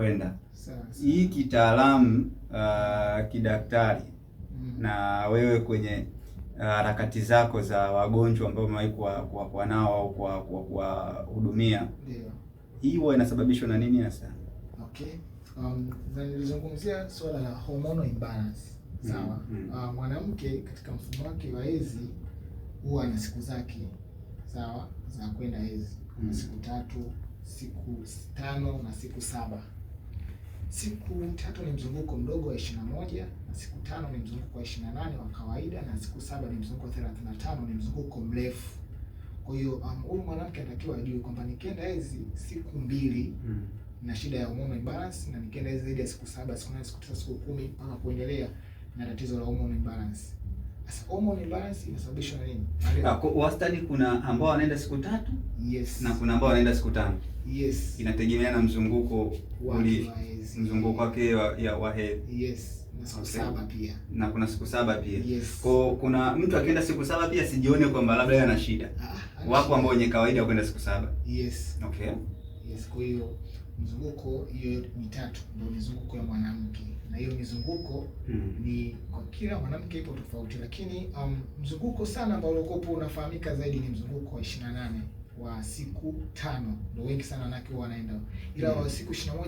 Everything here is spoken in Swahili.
kwenda. Hii kitaalamu uh, kidaktari mm -hmm. na wewe kwenye uh, harakati uh, zako za wagonjwa ambao umewahi kuwa nao au kuwahudumia, hii huwa inasababishwa na nini hasa? Okay. Um, na nilizungumzia swala la hormonal imbalance sawa. mm -hmm. Uh, mwanamke katika mfumo wake wa hedhi huwa ana siku zake sawa za kwenda hedhi mm -hmm. siku tatu, siku tano na siku saba. Siku tatu ni mzunguko mdogo wa 21 na siku tano ni mzunguko wa 28 wa kawaida na siku saba ni mzunguko wa 35 ni mzunguko mrefu. Kwa hiyo um, huyu um, mwanamke anatakiwa ajue kwamba nikienda hizi siku mbili mm. na shida ya hormone imbalance na nikienda hizi zaidi ya siku saba, siku nane, siku tisa, siku kumi mpaka kuendelea na tatizo la hormone imbalance Hormone imbalance inasababishwa na nini? Wastani kuna ambao wanaenda siku tatu yes, na kuna ambao wanaenda siku tano yes. Inategemea na mzunguko uli mzunguko wake wa hedhi yes, na siku okay, saba pia na kuna siku saba pia yes. Kwa kuna mtu akienda siku saba pia sijione kwamba labda yeye ana shida ah, wapo ambao wenye kawaida kwenda siku saba yes, okay. Yes, kwa hiyo mzunguko hiyo mitatu ndio mizunguko ya mwanamke, na hiyo mizunguko mm, ni kwa kila mwanamke ipo tofauti, lakini um, mzunguko sana ambao ulikopo unafahamika zaidi ni mzunguko wa 28 wa siku tano, ndio wengi sana wanawake wanaenda, ila wa siku 21